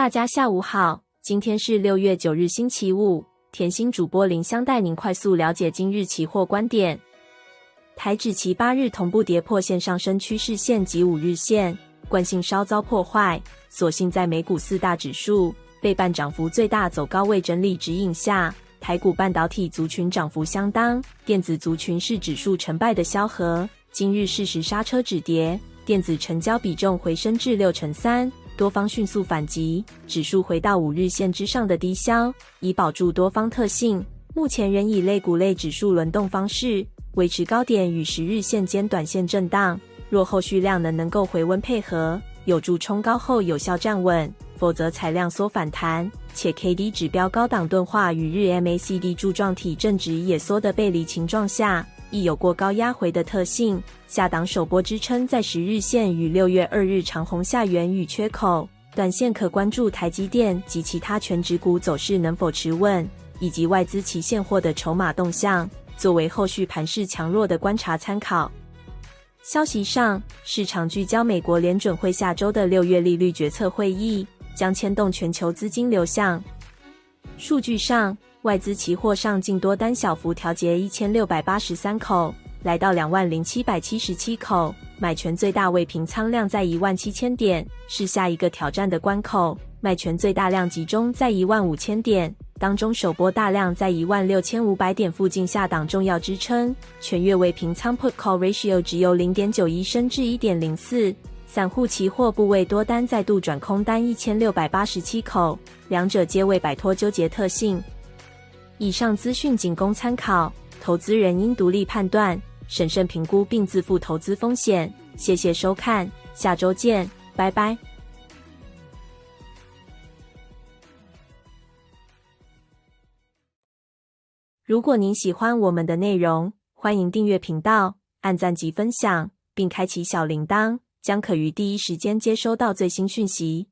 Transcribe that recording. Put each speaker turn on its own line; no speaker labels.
大家下午好，今天是六月九日，星期五。甜心主播林香帶您快速了解今日期貨觀點。台指期八日同步跌破線上升趨勢線及五日線，慣性稍遭破壞。所幸在美股四大指數費半漲幅最大走高位整理指引下，台股半導體族群漲幅相當，電子族群是指數成敗的蕭何。今日適時剎車止跌，電子成交比重回升至六成三。多方迅速反擊，指數回到五日線之上的低消，以保住多方特性。目前仍以類股類指數輪動方式，維持高點與十日線間短線震盪。若後續量能能夠回溫配合，有助衝高後有效站穩；否則採量縮反彈，且 KD 指標高檔鈍化與日 MACD 柱狀體正值也縮的背離情狀下。亦有過高壓回的特性，下檔首波支撐在十日線與六月二日長紅下緣與缺口，短線可關注台積電及其他權值股走勢能否持穩，以及外資期現貨的籌碼動向，作為後續盤勢強弱的觀察參考。消息上，市場聚焦美國聯準會下周的六月利率決策會議，將牽動全球資金流向。數據上。外資期貨上淨多單小幅調節口，一千六百八十三口來到兩萬零七百七十七口，買權最大未平倉量在一萬七千點，是下一個挑戰的關口；賣權最大量集中在一萬五千點，當中首波大量在一萬六千五百點附近下檔重要支撐。全月未平倉 Put Call Ratio 值由零點九一，升至一點零四。散戶期貨部位多單再度轉空單一千六百八十七口，兩者皆未擺脫糾結特性。以上資訊僅供參考，投資人應獨立判斷，審慎評估並自負投資風險。謝謝收看，下周見，拜拜。如果您喜歡我們的內容，歡迎訂閱頻道，按讚及分享，並開啟小鈴鐺，將可於第一時間接收到最新訊息。